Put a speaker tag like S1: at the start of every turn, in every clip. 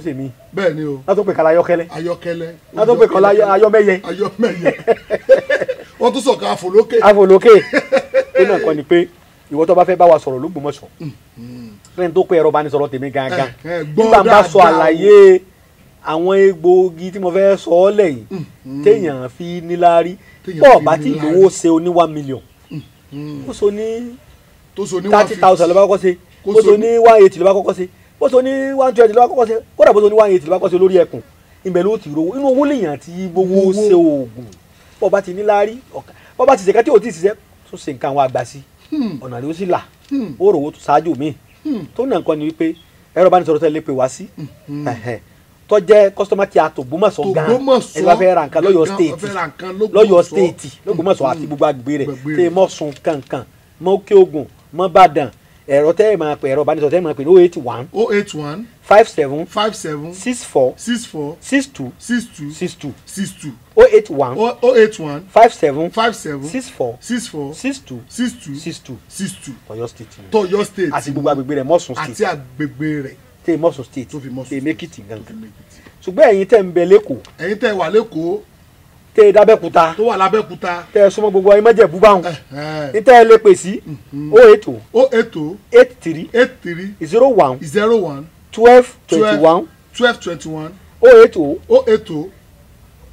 S1: ó ṣe mí. bẹ́ẹ̀ ni o. látó pè kala ayọ́kẹ́lẹ́. ayọ́kẹ́lẹ́. látó pè kala ayọ́mẹ́yẹ. ayọ́mẹ́yẹ. wọ́n tún sọ̀kan àfòlókè. àfòlókè. ó náà kọ́ ni pé ìwọ tó bá fẹ́ bá wa sọ̀rọ̀ l'Ógbómọ̀ṣọ́. lẹ́yìn mm-hmm. tó pé ẹ̀rọ bá ní sọ̀rọ̀ tèmi gangan. Eh, eh, nígbà bá sọ àlàyé àwọn egbòogi tí mo fẹ́ sọ ọ́ lẹ́yìn mm-hmm. téèyàn fi níláárí pọ̀ bá ti lówó ṣe oní one million mm-hmm. kó so ní thirty thousand ló bá kọ́kọ́ ṣe kó so ní one eighty ló bá kọ́kọ́ ṣe bó ṣe ní one twenty lọ́wọ́ kọ́kọ́ ṣe kódà bó ṣe ní one eighty lọ́wọ́ kọ́kọ́ ṣe lórí ẹkùn ibẹ̀ ló ti rówó inú owó lèèyàn ti gbowó ṣe oògùn bọ́ọ̀ bá ti ní láárí bọ́ọ̀ bá ti ṣèkẹ́ tí ò tí ì ṣiṣẹ́ tó ṣe nǹkan àwọn àgbà sí hmm. ọ̀nà rẹ̀ ó sì là hmm. ó rò ó tó ṣáájú mi hmm. tó nà nǹkan ni wípé ẹ̀rọ ìbánisọ̀rọ̀ tẹ́lẹ̀ pè wá sí tó jẹ́ customer care tó gbómọ̀sọ̀ gan ẹ bá fẹ́ ra nǹkan lọ́yọ̀ state lọ́yọ̀ state lọ́gbómọ̀sọ̀ àti gbogbo àgbègbè rẹ̀ tẹ́ mọ̀ sun kankan mọ̀ òkè ògùn mọ̀ bàdàn ẹ̀rọ tẹ́ ẹ̀ máa pè ẹ̀rọ ìbánisọ̀rọ̀ tẹ́ ẹ̀ máa pè ní oh eight one. oh eight one. five seven. five seven. six four. six four. six two. six two. six two. six two. oh eight one. oh, oh eight one. five seven. five seven. six four. six four. six two. six two. six two. six two. tọ̀yọ́ state. tọ̀yọ́ state. àti gbogbo agbègbè rẹ̀ mọ́sùn state. àti agbègbè rẹ̀. tẹ mọ́sùn state. tó fi mọ́sùn state. tẹ mẹ́kìtì gangan. ṣùgbọ́n ẹ̀yin tẹ́ ń bẹ lẹ́kọ̀ọ́. ẹ̀yin tẹ́ wà lẹ́kọ̀ọ́ tẹ ẹ dábẹ́kúta tó wà lábẹ́kúta tẹ ẹ súnmọ́ gbogbo ayé mẹ́jẹ̀bú báwọn ní tẹ ẹ lè pè sí o ètò o ètò eight three eight three zero one zero one twelve twenty one twelve twenty one o ètò o ètò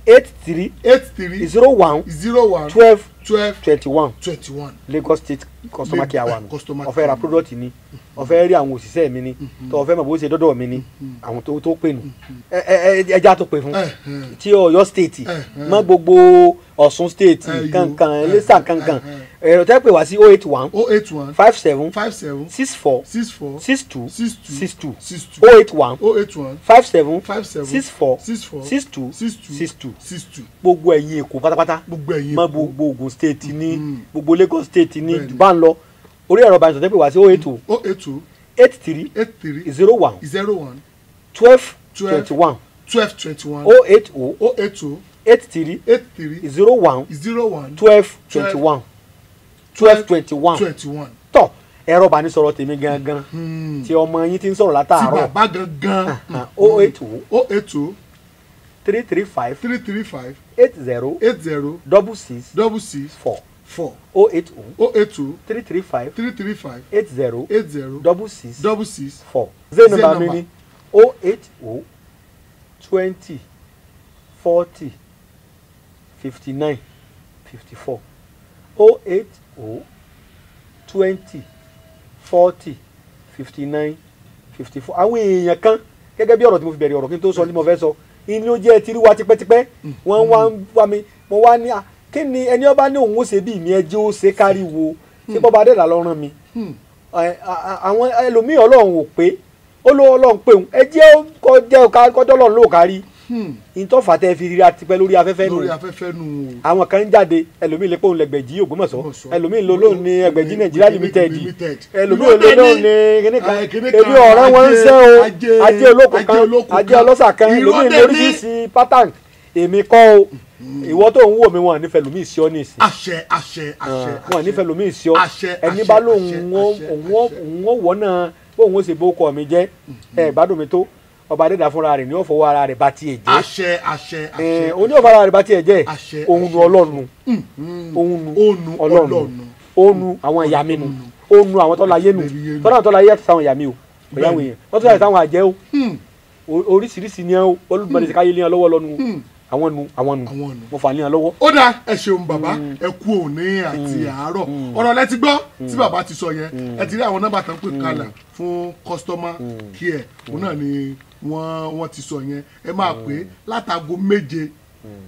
S1: eight three eight three zero one zero one twelve twelve twenty one twenty one Lagos State customer care wa mi ó ra product ni ó fẹ́ rí àwọn òṣìṣẹ́ mi ni mm-hmm. tó ó fẹ́ mọ̀ bó ṣe dọ́dọ̀ mi ni mm-hmm. àwọn tó tó pè nù mm-hmm. ẹja tó pè fún eh, eh. ti Ọ̀yọ́ state eh, mọ gbogbo Ọ̀ṣun state kankan Iléṣà kankan ẹ̀rọ tẹ́ pè wá sí oh eight one oh eight one five seven five seven six four six four six two six two six two six two oh eight one oh eight one five seven five seven six four six four six two six two six two six two. gbogbo ẹ̀yin èkó pátápátá gbogbo ẹ̀yin èkó mọ gbogbo Ògùn state ní gbogbo Lagos state ní bá ń lọ orí ẹ̀rọ bá ń sọ tẹ́ pè wá sí oh eight two oh eight two eight three eight three zero one zero one twelve twenty one twelve twenty one oh eight oh oh eight oh eight three eight three zero one zero one twelve twenty one twelve twenty one Twenty tọ ẹ̀rọ ìbánisọ̀rọ̀ tèmi gangan hmm. tí ọmọ yín ti ń sọ̀rọ̀ látàárọ̀ tí bàbá gangan hmm. o eight two o eight two three three five three three five eight zero eight zero double six double six four four o eight two o eight two three three five three three five eight zero eight zero double six double six four zero number mi ni o eight o twenty forty fifty nine fifty four oh eight oh twenty forty fifty nine fifty four àwọn èèyàn kan gẹ́gẹ́ bí ọ̀rọ̀ tí mo fi bẹ̀rẹ̀ ọ̀rọ̀ kí n tó sọ ní mo fẹ́ sọ ilé oúnjẹ ti rí wa tipẹ́tipẹ́ wọ́n wá ń wá mi mo wá ní ah, kí ni ẹni ọba ní òun ó ṣe bí mi ẹjẹ́ ó ṣe kárí wo ṣé bọ́ba adẹ́dà lọ rán mi àwọn ẹlòmíì ọlọ́run ò pé ó lọ́ọ́ ọlọ́run pé òun ẹjẹ́ kọjá ọ̀kadọ́lọ́run ló kárí ìtọ́fà hmm. tẹ́ fi rí atipẹ́ lórí afẹ́fẹ́ nù. lórí afẹ́fẹ́ nù. àwọn kan ń jáde ẹlòmíì lè pòun lẹ́gbẹ̀jì Ògbómọ̀ṣọ́ ẹlòmíì ló lóun ní ẹgbẹ̀jì Nàìjíríà limited ẹlòmíì ló lóun ní kíníkan ah, ebi ọ̀rẹ́ wọn ń sẹ́ o ajé olóko kan ajé ọlọ́sà kan ẹlòmíì lóríṣiríṣi pátán èmi kọ́ o hmm. ìwọ tó ń wò mí wọn nífẹ̀ẹ́ lómi ìṣọ́ ní ìsìn. àṣẹ àṣẹ ah, àṣẹ wọn nífẹ̀ẹ́ lómi ìṣọ́ ẹni bá lóun wọ́n wọ́n náà bóun ó sì bó kọ́ mi jẹ́ hmm. ẹ̀ gbádùn mi tó ọba dídà fúnra rẹ̀ ni ó fọwọ́ ara rẹ̀ bá tiẹ̀ jẹ́. àṣẹ àṣẹ àṣẹ. òun ni ó fọwọ́ ara rẹ̀ bá tiẹ̀ jẹ́ òun nu ọlọ́run òun nu ọlọ́run òun nu àwọn ìyá mi nu òun nu àwọn tọ́láyé nu tọ́lá tọ́láyé yàtọ̀ sáwọn ìyá mi o pẹ̀lú àwọn èèyàn wọ́n tọ́láyé sáwọn àjẹ́ mm. o oríṣiríṣi ni ó olùbọ̀dẹ̀sẹ̀ káyé lé wọn lọ́wọ́ lọ́nu o. Mm àwọn nu àwọn nu mo fà níyàn lọ́wọ́. ó dáa ẹ ṣeun bàbá mm. ẹ kú òní àti mm. àárọ̀ mm. ọ̀rọ̀ lẹ ti gbọ́ tí bàbá ti sọ yẹn ẹ ti rí àwọn nọ́mbà kan pè kalẹ̀ fún customer care òun náà ni wọ́n wọ́n ti sọ yẹn ẹ máa pè é látago méje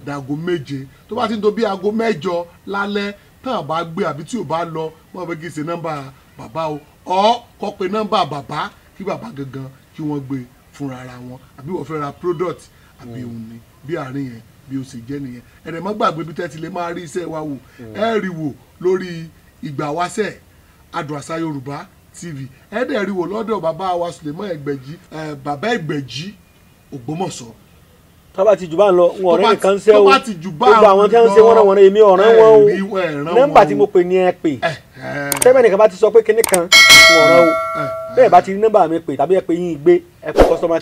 S1: dàgo méje tó bá ti ń tó bí aago mẹ́jọ lálẹ́ tán àbá gbé àbí tí ò bá lọ wọ́n fẹ́ kí n ṣe nọ́mbà bàbá o ọ̀ kọ́ pé nọ́mbà bàbá kí bàbá gangan kí wọ́n gbé fúnra ara wọn àbí wọ́n fẹ́ ra product àbí hmm. òun ni bí àárín yẹn bí o sì jẹ́ nìyẹn ẹ̀rẹ̀ mọ́ gbàgbé bí tẹ́tí lè máa rí iṣẹ́ wa wò hmm. ẹ rí wò lórí ìgbàwáṣẹ̀ Adùn Yorùbá TV ẹ dẹ̀ rí wò lọ́dọ̀ bàbá wa Suleiman Ẹgbẹ̀jì bàbá Ẹgbẹ̀jì Ògbómọ̀ṣọ́ tó bá ti jù bá ń lọ ń ọ̀rẹ́ nìkan ṣe o gbogbo àwọn tí wọ́n ṣe wọ́n wọ́n èmi ọ̀rẹ́ wọn o nọ́mbà tí mo pè ní ẹ pè tẹ́bẹ̀ nìkan bá ti sọ pé kinní kan ń ọ̀rẹ́ o bẹ́ẹ̀ bá ti rí nọ́mbà mi pè tàbí ẹ pè yín gbé ẹ